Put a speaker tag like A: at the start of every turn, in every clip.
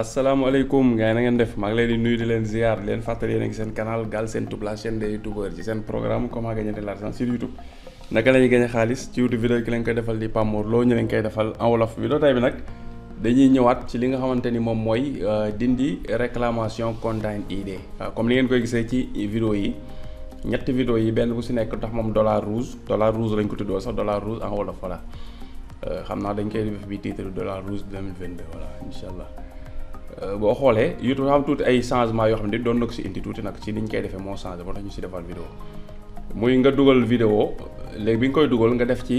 A: asalaamaaleykum gars yi na ngeen def maa ngi leen di nuyu di leen ziar di leen fàttali yéen a ngi seen canal Galsen Tube la chaîne des youtubeurs ci seen programme comment gagner de l'argent sur YouTube naka la ñuy gagner xaalis ci YouTube vidéo ki leen koy defal di Pape Mor Lo ñu leen koy defal en wolof vidéo ñëwaat ci li nga xamante ni moom mooy euh, dindi réclamation content ID comme ni ngeen koy gisee ci vidéo yi ñetti vidéo yi benn bu si nekk tax moom dollar rouge dollar rouge lañ ko tuddoo sax dollar rouge en wala voilà euh, xam naa dañ koy def bi titre dollar rouge 2022 voilà incha allah Euh, boo xoolee YouTube dafa am tuuti ay changement yoo xam ne doon na ko si indi tuuti nag ci niñ koy defee moo changé moo tax ñu si defal vidéo muy nga dugal video léegi bi nga koy dugal nga def ci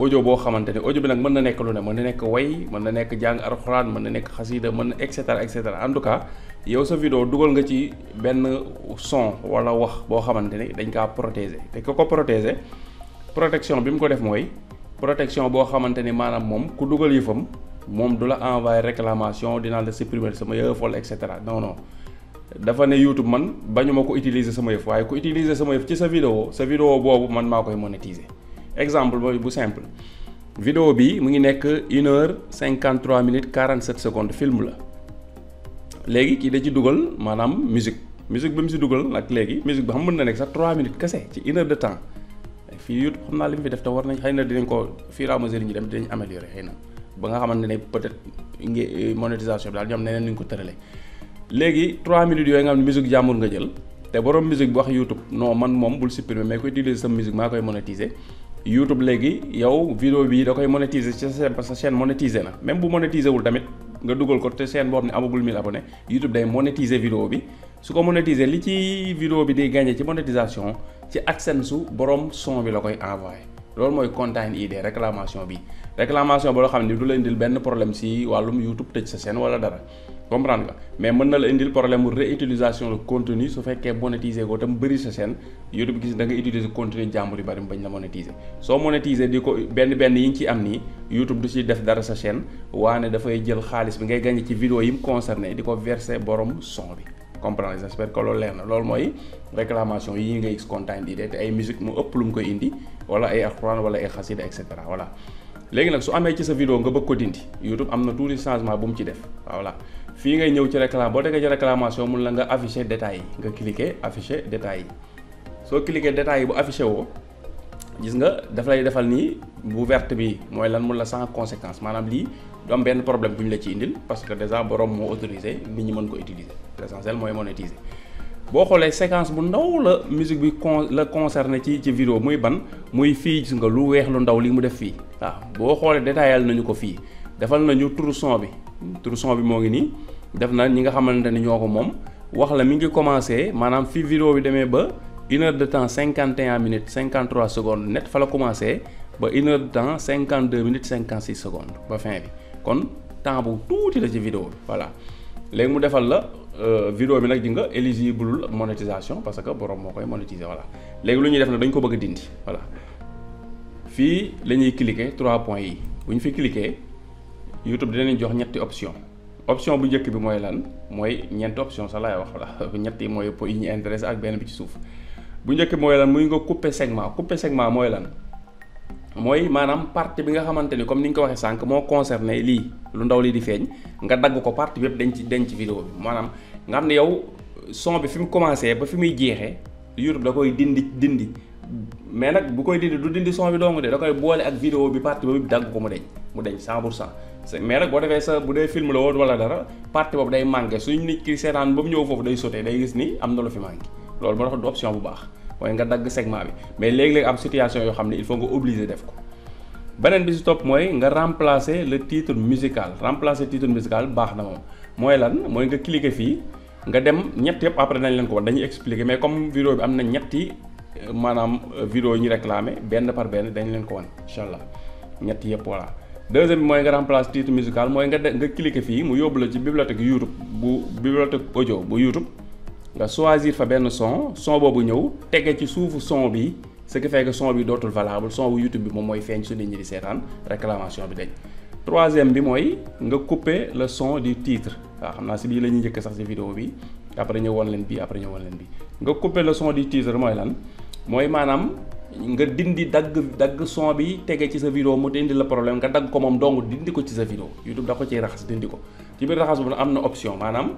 A: audio boo xamante ne audio bi nag mën na nekk lu ne mën na nekk way mën na nekk jàng alxuraan mën na nekk xasiida mën na et cetera et cetera en tout cas yow sa vidéo dugal nga ci benn son wala wax boo xamante ne dañ kaa protéger te ko ko protéger protection bi mu ko def mooy protection boo xamante ni maanaam moom ku dugal yëfam moom du la envoyé réclamation dinaa la supprimer sama yëf wala et cetera non non dafa ne YouTube man bañu ma ko utiliser sama yëf waaye ko utiliser sama yëf ci sa vidéo sa vidéo boobu man maa koy monétiser exemple boobu bu simple. vidéo bi mu ngi nekk une heure cinquante trois minutes quarante sept secondes film la léegi kii da ci dugal maanaam musique musique bi mu si dugal nag léegi musique bi xam mën na nekk sax trois minutes kese ci une de temps fii YouTube xam naa fi def te war nañ xëy na dinañ ko fur et à mesure ñu dem dinañ améliorer xëy na. ba nga xamante ne peut-être ngi monétisation bi daal ñoom neneen nu ñu ko tëralee léegi 3 minutes yooyu nga xam ne musique jàmbur nga jël te borom musique bi wax YouTube non man moom bul supprimer mais koy utiliser sa musique maa koy monétiser YouTube léegi yow vidéo bi da koy monétiser ci sa sa chaîne monétiser na même bu monétiser wul tamit nga dugal ko te chaîne boo xam amagul 1000 abonnés YouTube day monétiser vidéo bi su ko monétiser li ci vidéo bi di gagné ci monétisation ci AdSense su borom son bi la koy envoyé. loolu mooy content ID réclamation bi réclamation boo xam ne du la indil benn problème si wàllum YouTube tëj sa chaîne wala dara comprendre nga mais mën na la indil problème mu utilisation de su fekkee monétiser ko tam bëri sa chaîne YouTube gis da nga utiliser contenu jàmbur yu bëri bañ la monétiser soo monétiser di ko benn benn yi ñu ci am nii YouTube du ci def dara sa chaîne waane dafay jël xaalis bi ngay gagné ci vidéo yi mu concerné di ko verser borom son bi. comprendre leen j'espère que leer na loolu mooy réclamation yi ngay gis kontaan di te ay musique mu ëpp lu mu koy indi wala ay alxuraan wala ay xasida et cetera voilà. léegi nag su amee ci sa vidéo nga bëgg ko dindi YouTube am na tuuti changement bu mu ci def voilà fi ngay ñëw ci réclame boo tegee ci réclamation mun la nga afficher détails yi nga cliquer afficher détails yi soo cliquer détails yi bu affiché woo gis nga daf lay defal nii bu verte bi mooy lan mun la sans conséquence maanaam du benn problème bu ñu la ci indil parce que déjà borom moo autorisé ni ñu mën ko utiliser l'essentiel mooy monétiser boo xoolee séquence bu ndaw la musique bi con la concerné ci ci vidéo muy ban muy fii gis nga lu weex lu ndaw li mu def fii waaw boo xoolee détaillé nañu ko fii defal nañu tur son bi tur son bi moo ngi nii def na ñi nga xamante ni ñoo ko moom wax la mi ngi commencé maanaam fii vidéo bi demee ba une heure de temps cinquante et un minutes cinquante trois fa la commencé ba une heure de temps cinquante deux minutes ba fin bi kon temps bu tuuti la ci vidéo bi voilà léegi mu defal la euh, vidéo bi nag ji nga éligible monétisation parce que borom moo koy monétiser voilà léegi lu ñuy def nag dañ ko bëgg a dindi voilà fii lañuy ñuy trois points yi bu ñu fi cliquer YouTube dinañ jox ñetti option option bu njëkk bi mooy lan mooy ñeenti option sa laay wax la ñetti mooy po yi ñu intéressé ak benn bi ci suuf bu njëkk bi mooy lan muy nga couper segment couper segment mooy lan mooy maanaam partie bi nga xamante ni comme ni nga ko waxee sànq moo concerné lii lu ndaw li di feeñ nga dagg ko partie bi yëpp denc denc vidéo bi maanaam nga xam ne yow son bi fi mu commencé ba fi muy jeexee YouTube da koy dindi dindi mais nag bu koy dindi du dindi son bi dong de da boole ak vidéo bi partie boobu dagg ko mu deñ mu deñ 100 pour cent mais nag boo defee sa bu dee film la woon wala dara partie boobu day manqué suñu nit ki seetaan ba mu ñëw foofu day sotee day gis ni am na fi manqué loolu moo tax du option mooy nga dagg segment bi mais léeg-léeg am situation yoo xam ne il faut nga obligé def ko beneen bi si topp mooy nga remplacer le titre musical remplacer titre musical baax na moom mooy lan mooy nga cliquer fii nga dem ñetti yëpp après nañ leen ko wax dañuy expliquer mais comme vidéo bi am na ñetti euh, maanaam euh, vidéo yi ñu réclamé benn par benn dañ leen ko wan incha allah ñetti yëpp voilà. deuxième bi mooy nga remplace titre musical mooy nga de nga cliquer fii mu yóbbu la ci bibliothèque YouTube bu bibliothèque audio bu YouTube. nga choisir fa benn son son boobu ñëw tege ci suufu son bi ce qui fait son bi dootul valable son bu YouTube bi moom mooy feeñ su nit ñi di seetaan réclamation bi dañ. troisième bi mooy nga couper la son di titre waaw xam naa si bii la ñuy njëkk sax si vidéo bi après ñu won leen bi après ñëw won leen bi nga couper le son du titre mooy lan mooy maanaam. nga dindi dagg dagg son bi tege ci sa vidéo mu dindi la problème nga dagg ko moom dong dindi ko ci sa vidéo YouTube da ko ciy raxas dindi ko ci biir raxas bu am na option maanaam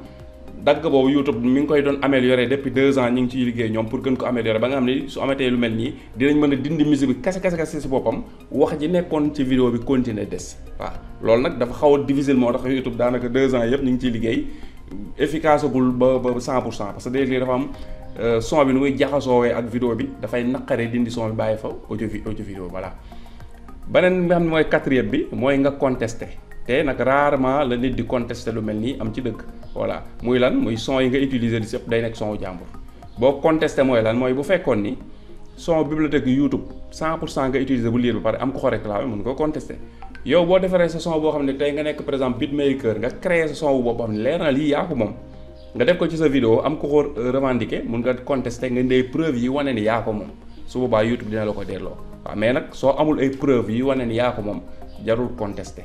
A: dagg boobu YouTube mi ngi koy doon améliorer depuis deux ans ñi ngi ciy liggéey ñoom pour gën ko améliorer ba nga xam ne su amatee lu mel nii dinañ mën a dindi musique bi kase kase kase si boppam wax ji nekkoon ci vidéo bi continuer des waaw loolu nag dafa xaw a difficile moo tax YouTube daanaka deux ans yëpp ñu ba ba cent cent parce que léeg dafa am euh, son bi nu muy jaxasoowee ak vidéo bi dafay naqaree dindi son bi bàyyi fa audio audio vidéo voilà beneen bi nga xam ne mooy quatrième bi mooy nga contester. te nag rarement la nit di contester lu mel nii am ci dëkk voilà muy lan muy son yi nga utiliser li si day nekk son wu boo contester mooy lan mooy bu fekkoon ni son bibliothèque YouTube 100 pour cent nga utiliser bu liir ba pare am ko ko réclamé mun ko contester yow boo defaree sa son boo xam ne tey nga nekk par exemple beatmaker nga créé sa son wu xam ne leer na lii yaa ko moom nga def ko ci sa vidéo am ko ko euh, revendiqué mun nga contester nga ndey preuve yi wane ni yaa ko moom su boobaa YouTube la ko delloo mais nag soo amul ay preuve yi wane ni yaa moom jarul contester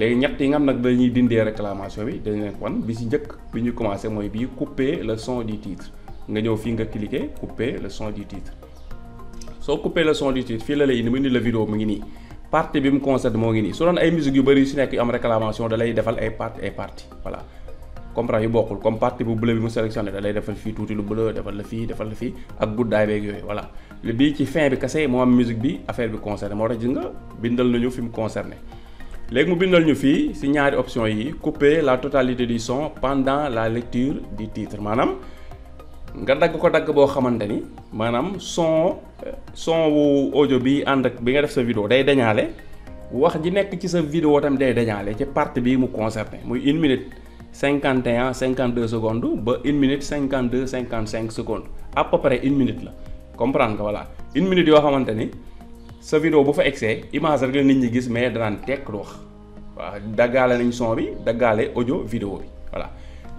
A: léegi ñett yi nga xam nag dañuy dindee réclamation bi dañ leen ko bi si njëkk bi ñu commencé mooy bii couper le son du titre nga ñëw fii nga cliquer couper le son du titre soo couper le son du titre fii la lay indi mu indi la vidéo mu ngi nii partie bi mu concerne moo ngi nii su doon ay musique yu bëri yu si nekk yu am réclamation da lay defal ay partie ay partie voilà comprendre yu bokkul comme partie bu bule bi mu sélectionné da defal fii tuuti lu bleu defal la fii defal la fii ak guddaay beeg yooyu ci fin bi kase moo am bi affaire bi concerné moo tax gis nga bindal nañu fi mu concerné léegi mu bindal ñu fii ci ñaari option yi couper la totalité du son pendant la lecture di titre maanaam nga dagg ko dagg boo xamante ni maanaam son son wu ojo bi ànd ak bi nga def sa vidéo day dañaale wax ji nekk ci sa vidéo tam day dañaale ci partie bi mu concerné muy une minute cinquante et un cinquante deux secondes ba une minute cinquante deux cinquante cinq secondes à peu près une minute la comprendre nga voilà une minute yoo xamante ni. sa vidéo bu fa egsee image rek la nit ñi gis mais danaan tek du wax waaw daggaale nañ son bi daggaale audio vidéo bi voilà.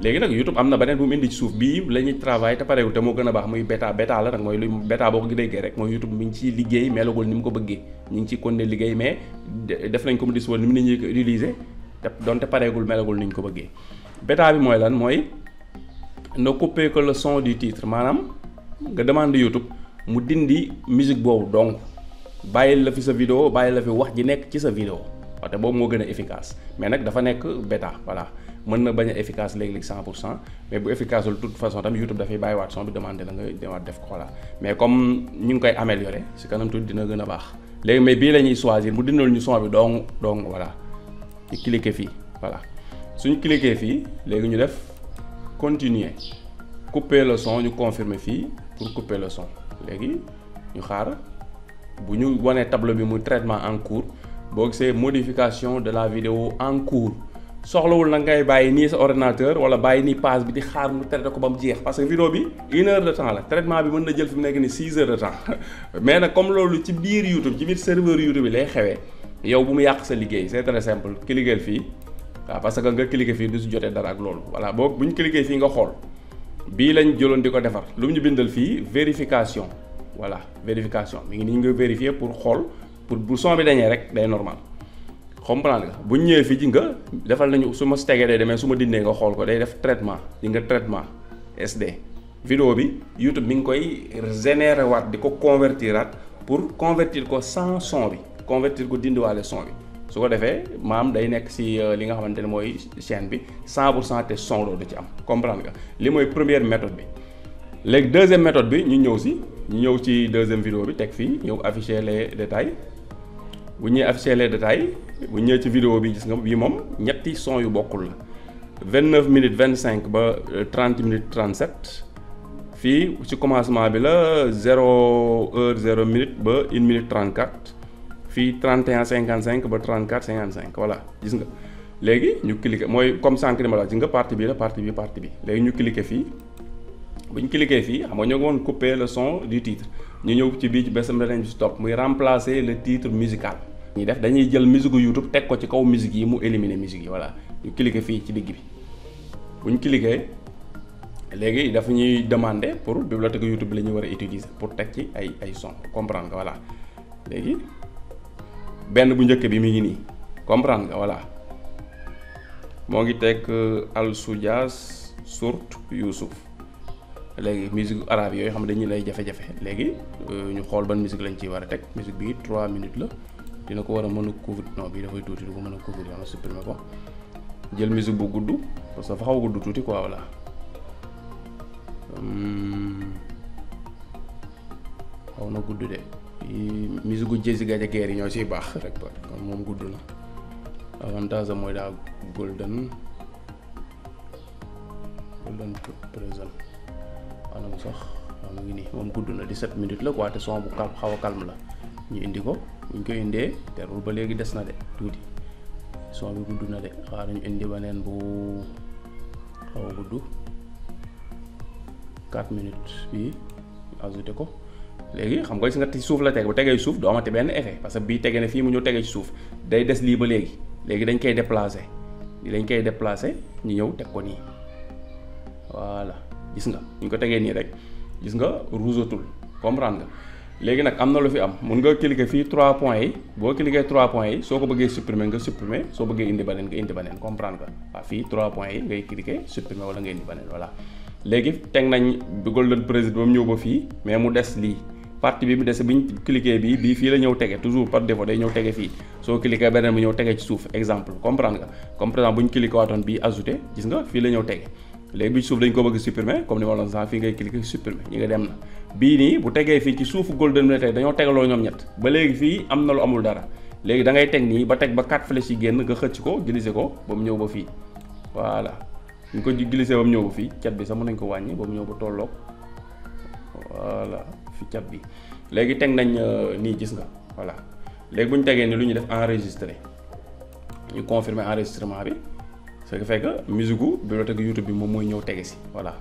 A: léegi nag YouTube am na beneen bu mu indi ci suuf bii la ñuy travail te pareewul te moo gën a baax muy bêta bêta la nag mooy lu bêta boo ko déggee rek mu ko bëggee ñu ngi ciy continuer liggéey nañ ko mu dis woon ni mu nit ñi ko utiliser te donte pareegul bi mooy lan mooy na couper que le son du titre maanaam nga demande YouTube mu dindi musique boobu donc. bàyyil la fi sa vidéo bàyyil la fi wax ji nekk ci sa vidéo wate boobu moo gën a efficace mais nag dafa nekk bêta voilà mën na bañ a efficace léeg-léeg 100 pour cent mais bu efficace de toute façon tam YouTube dafay bàyyiwaat son bi demandé la nga demaat def ko voilà mais comme ñu ngi koy améliorer si kanam tuuti dina gën a baax léegi mais bii la ñuy choisir mu dindal ñu son bi dong dong voilà ñu cliquer fii voilà suñu cliquer fii léegi ñu def continuer couper le son ñu confirmer fii pour couper le son léegi xaar. bu ñu wonee tableau bi mu traitement en cours boo gisee modification de la vidéo en cours soxlawul nag ngay bàyyi nii sa ordinateur wala bàyyi nii passe bi di xaar mu traité ko ba mu jeex parce que vidéo bi une heure de temps la traitement bi mën na jël fi mu nekk nii six heures de temps mais nag comme loolu ci biir YouTube ci biir serveur YouTube bi lay xewee yow bu mu yàq sa liggéey c'est très simple cliquer fii waaw parce que nga cliquer fii du si jotee dara ak loolu voilà boo bu ñu fii nga xool bii lañ jëloon di ko defar lu ñu bindal fii vérification. voilà vérification mi ngi ni nga ngi pour xool pour bu son bi dañee rek day normal comprendre nga bu ñëwee fii ji nga defal nañu su ma stegee day demee su ma dindee nga xool ko day def traitement di nga traitement SD. vidéo bi YouTube mi nga koy générer waat di ko convertir at pour convertir ko cent son bi convertir ko dindiwaale son bi su ko defee maam day nekk si euh, li nga xamante ne mooy chaîne bi 100 pour cent te son doo du ci am comprendre nga li mooy première méthode bi. léegi deuxième méthode bi ñu ñëw si ñu ñëw ci deuxième vidéo bi teg fii ñëw afficher les détails bu ñuy afficher les bu ñëwee ci vidéo bi gis nga bii moom ñetti son yu bokkul la vingt neuf minutes vingt cinq ba euh, trente minutes trente sept fii ci commencement bi la zéro heure zéro minute ba une minute trente quatre fii trente et cinquante cinq ba trente quatre cinquante cinq voilà gis nga léegi ñu cliquer mooy comme sànq ni la gis nga partie bii la partie bi partie bi léegi ñu cliquer fii. bu ñu cliqué fii xam nga ñoo ngi woon couper le son du titre ñu ñëw ci bii ci bésam beneen muy remplacer le titre musical. ñuy def dañuy jël musique YouTube teg ko ci kaw musique yi mu éliminer musique yi voilà ñu cliqué fii ci digg bi bu ñu léegi dafa ñuy demander pour bibliothèque YouTube bi la ñu war a utiliser pour teg ci ay ay son comprendre nga voilà léegi benn bu njëkk bi mi ngi nii comprendre nga voilà moo ngi teg euh, Alsoudias Sourate Youssouf léegi musique arabe yooyu xam ne dañuy lay jafe-jafe léegi euh, ñu xool ban musique lañ ciy war a teg musique bi 3 minutes la dina ko war a mën a couvrir non bii dafay tuuti du ko mën a couvrir dama supprimer ko jël musique bu gudd parce que xaw gudd tuuti quoi voilà hmm. xaw na gudd de musique gu Jazz Gaaja Geer yi ñoo ciy baax rek kon moom gudd na avantage mooy daa golden golden présent anam sax waaw mu ngi nii moom gudd na 17 minutes la quoi te son bu calme xaw a la ñu indi ko buñ koy indee terul ba léegi des na de tuuti son bi gudd na de xaar ñu indi beneen bu xaw a gudd 4 minutes bii ajouté ko léegi xam nga gis nga ci suuf la teg bu tegee suuf doo amati benn effet parce que bii tege na fii mu ñëw tegee ci suuf day des lii ba léegi léegi dañ koy déplacé dañ koy déplacé ñu ñëw teg ko nii voilà. gis nga ñu ko tegee nii rek gis nga ruusatul comprendre léegi nag am na lu fi am mun nga cliquer fii trois points yi boo cliquer trois points yi soo ko bëggee supprimer nga supprimer soo bëggee indi beneen nga indi beneen comprendre nga waaw fii trois points yi teg nañ golden president ba mu ñëw ba fii mais mu des lii partie bi mu dese bi ñu cliquer bii bii fii la ñëw tege toujours par défaut day ñëw tege fii soo cliquer beneen bi ñëw tege ci suuf exemple comprendre nga comme par exemple bu ñu cliquer waatoon bii ajouter gis nga fii la ñëw tege léegi bi suuf dañ ko bëgg supprimer comme ni ma la sax fii ngay cliquer supprimer ñi nga dem na bii nii bu tegee fii ci suufu golden bi ne tey dañoo tegaloo ñoom ñett ba léegi fii am na lu amul dara léegi dangay ngay teg nii ba teg ba quatre flèches yi génn nga xëcc ko glisser ko ba mu ñëw ba fii voilà ñu ko glisser ba mu ñëw ba fii cat bi sax mën nañ ko wàññi ba mu ñëw ba tolloog voilà fi cat bi léegi teg nañ euh, nii gis nga voilà léegi bu ñu tegee nii lu ñu def enregistrer ñu confirmer enregistrement bi ce qui fait bi musique gu bibliothèque YouTube bi moom mooy ñëw tege si voilà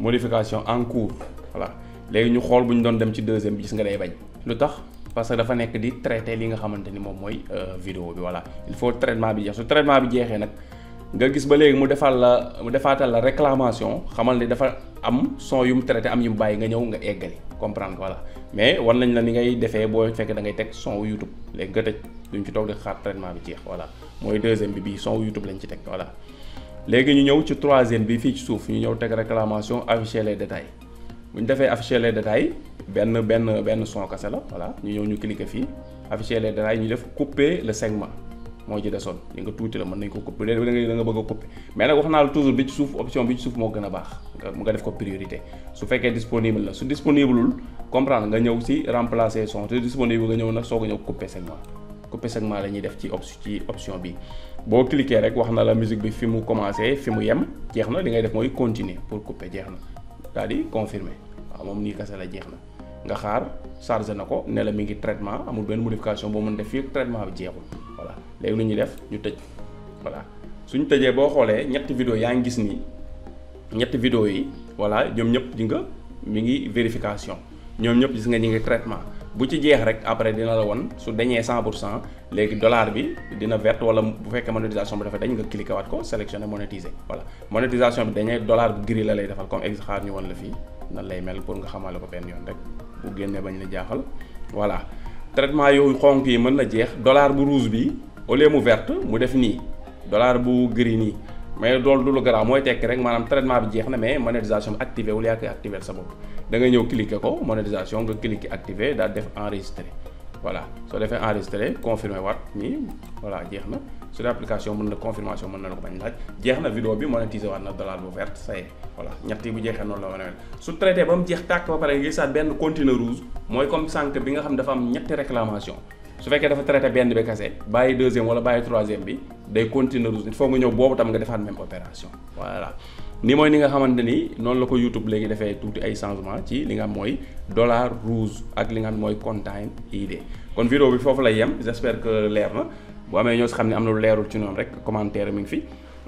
A: modification en cours voilà léegi ñu xool bu ñu doon dem ci deuxième bi gis nga day bañ lu tax parce que dafa nekk di traité li nga xamante ni moom mooy euh, vidéo bi voilà il faut traitement bi jeex su traitement bi jeexee nag nga gis ba léegi mu defal la mu defaatal la réclamation xamal ni dafa am son yu mu traité am yu mu bàyyi nga ñëw nga eggali comprendre ko mais war nañ la ni ngay defee boo fekkee da ngay teg son wu YouTube léegi nga tëj duñ ci toog di xaar traitement bi voilà mooy deuxième bi bii son YouTube lañ ci teg voilà. léegi ñu ñëw ci troisième bi fii ci suuf ñu ñëw teg réclamation afficher les détails bu ñu defee afficher les détails benn benn benn son kase la voilà ñu ñëw ñu cliquer fii afficher les détails ñu def couper le segment moo ci desoon li nga tuuti la mën nañ ko couper da nga bëgg a couper nag wax naa la toujours bi ci suuf option bi ci suuf moo gën a baax mu nga def ko priorité su fekkee disponible la ñëw si remplacer son te nga ñëw nag soo ko ñëw couper ku pes ak la ñuy def ci op ci option bi boo cliquer rek wax na la musique bi fi mu commencé fi mu yem jeex na li ngay def mooy continuer pour couper jeex na daal di confirmer waaw moom nii kese la jeex na nga xaar chargé na ko ne la mi ngi traitement amul benn modification boo mun def yëpp traitement bi jeexul voilà léegi lu ñu def ñu tëj voilà suñ tëjee boo xoolee ñetti vidéo yaa ngi gis nii ñetti vidéo yi voilà ñoom ñëpp di nga mi ngi vérification ñoom ñëpp gis nga ñi ngi bu ci jeex rek après dina la won su dañee 100 pour cent léegi dollar bi dina verte wala bu fekkee monétisation bi dafa dañ nga cliqué waat ko sélectionné monétiser voilà monétisation bi dañee dollar bi gris la lay defal comme xaar ñu won la fii nan lay mel pour nga xamale ko benn yoon rek bu génnee bañ la jaaxal voilà traitement yooyu xonk yi mën na jeex dollar bu rouge bi au lieu mu vert mu def nii dollar bu gris nii mais loolu du lu mooy tekki rek maanaam traitement bi jeex na mais monétisation bi activé wul yaa koy activé sa bopp da nga ñëw cliquer ko monétisation nga cliquer activé daal def enregistré voilà soo defee enregistré confirmé waat nii voilà jeex na su dee application mën na confirmation mën na la ko bañ laaj jeex na vidéo bi monétisé waat na dollar bu vert ça y est voilà ñett yi bu jeexee noonu la mën a su traité ba mu jeex tàkk ba pare nga gisaat benn continue rouge mooy comme bi nga xam dafa am ñetti réclamation su fekkee dafa traité benn bi kase bàyyi deuxième wala bàyyi troisième bi day continuer route il faut nga ñëw boobu tam nga defaat même opération voilà ni mooy ni nga xamante ni noonu la ko YouTube léegi defee tuuti ay changement ci li nga xam mooy dollar rouge ak li nga xam mooy content ID kon vidéo bi foofu lay yem j'espère que leer na bu amee ñoo si xam ne am na lu leerul ci noonu rek commentaire mi ngi fi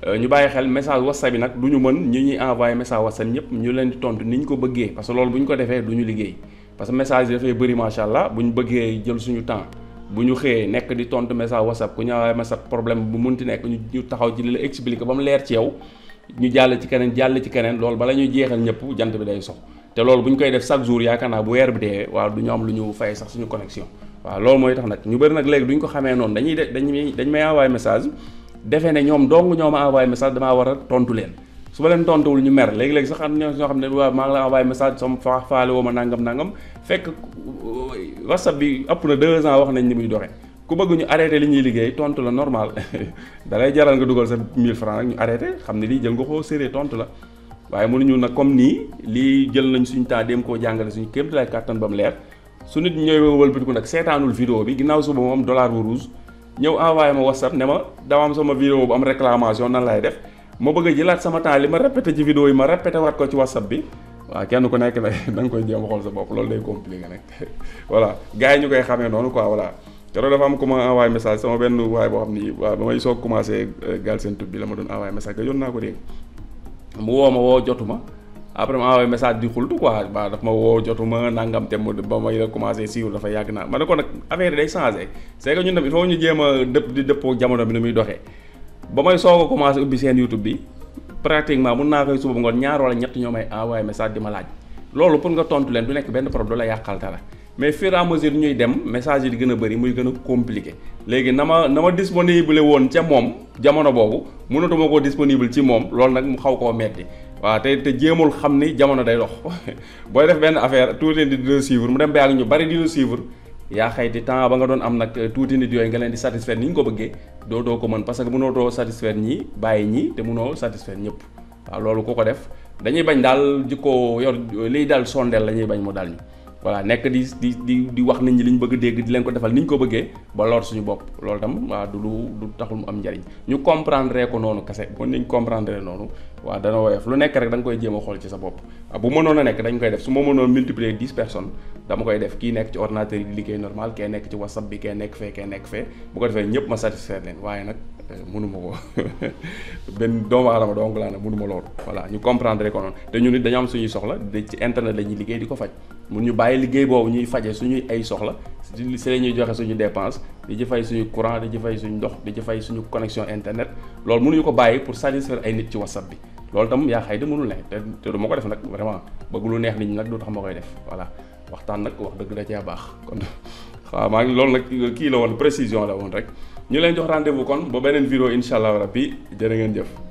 A: euh, ñu bàyyi xel message whatsapp bi nag du ñu mën ñu ñuy envoyé message whatsapp ñëpp ñu leen di tontu ni ñu ko bëggee parce que loolu bu ñu ko defee du liggéey parce que message yi dafay bëri macha allah bu bëggee jël suñu temps bu ñu xëyee nekk di tontu message whatsapp ku ñëwaay message problème bu munti nekk ñu ñu taxaw ci li la expliquer ba mu leer ci yow ñu jàll ci keneen jàll ci keneen loolu bala ñuy jeexal ñëpp jant bi day sox te loolu bu ñu koy def chaque jour yaakaar naa bu weer bi dee waaw du ñu lu ñu fay sax suñu connexion waaw loolu mooy tax nag ñu bëri nag léegi du ñu ko xamee noonu dañuy de dañuy dañ may envoyé message defee ne ñoom dong ñoo ma message damaa war a tontu leen su ma leen tontuwul ñu mer léegi-léegi sax am na ñoo xam ne waaw maa ngi whatsapp bi ëpp na deux ans wax nañ ni muy doxee ku bëgg ñu arrêté li ñuy liggéey tontu la normal dalay jaral nga dugal sa 1000 francs rek ñu arrêté xam ne lii jël nga koo séré tontu la waaye mënuñu nag comme nii lii jël nañ suñu temps dem koo jàngale suñu kéem lay kàttan ba mu leer su nit ñooy wëlbatiku nag seetaanul vidéo bi ginnaaw suba moom dollar bu rouge ñëw envoyé ma whatsapp ne ma dama am sama vidéo bu am réclamation nan laay def ma bëgg a jëlaat sama temps li ma répété ci vidéo yi ma répété waat ko ci whatsapp bi waaw kenn ku nekk nag da nga koy jéem a xool sa bopp loolu day compliqué nag voilà gars yi ñu koy xamee noonu ko voilà te loolu dafa am ku ma envoyé benn waay boo xam ni waaw ba may soog commencé euh, Galsen Tube bi la ma doon envoyé message gëjoon ko dégg mu woo ma woo jotuma après ma envoyé message di xultu quoi waaw ma woo jotuma nangam te ba may la commencé siiw dafa yàgg naa ma ne ko nag affaire yi day changé c'est ñun tamit il ñu jéem a dëpp di jamono bi nu muy doxe ba may soog a commencé ubbi seen YouTube bi. pratiquement mun naa koy suba ngoon ñaar wala ñett ñoo may envoyé message di ma laaj loolu pour nga tontu leen du nekk benn problème du la yàqal dara mais fur et à ñuy dem message yi di gën a bëri muy gën a compliqué léegi na ma na ma disponible woon ca moom jamono boobu mënatuma koo disponible ci moom loolu nag mu xaw koo metti waaw te te jéemul xam ni jamono day dox booy def benn affaire tuuti leen di dina suivre mu dem ba yàgg ñu bari dina yaa xëy di temps ba nga doon am nag euh, tuuti nit yooyu nga leen di satisfaire ni ñu ko bëggee doo doo ko mën parce que mënoo doo ñi bàyyi ñi te mënoo satisfaire ñëpp waaw loolu ku ko def dañuy bañ daal jikko yor liy dal sondeel la ñuy bañ mu daal ñu voilà nekk di di di di wax nit ñi li ñu bëgg dégg di leen ko defal ni ñu ko bëggee ba lor suñu bopp lool tam waa du lu du taxul mu am njariñ ñu comprendre ko noonu kese bu ñu comprendre noonu waa dana woyof lu nekk rek da koy jéem a xool ci sa bopp bu mënoon a nekk dañ koy def su ma mënoon multiplier dix personnes dama koy def ki nekk ci ordinateur yi di liggéey normal kee nekk ci whatsapp bi kee nekk fee kee nekk fee bu ko defee ñëpp ma satisfaire leen waaye Euh, mënuma ko benn doomu aadama donc laa ne mënuma loolu voilà ñu comprendre ko noonu te ñu nit dañu am suñu soxla de ci internet la liggéey di ko faj mun ñu bàyyi liggéey boobu ñuy faje suñu ay soxla si la ñuy joxe suñu dépense di ci fay suñu courant di suñu ndox di ci suñu connexion internet lool mënuñu ko bàyyi pour satisfaire ay nit ci whatsapp bi loolu tam yaa xay da mënul ne te te ma ko def nag vraiment bëgg lu neex nit ñi nag du tax ma koy def voilà waxtaan nag wax dëgg da cee baax kon waaw maa loolu nag kii la woon précision la woon rek ñu leen jox rendez kon ba beneen vidéo incha allah rabbi jërë ngeen jëf.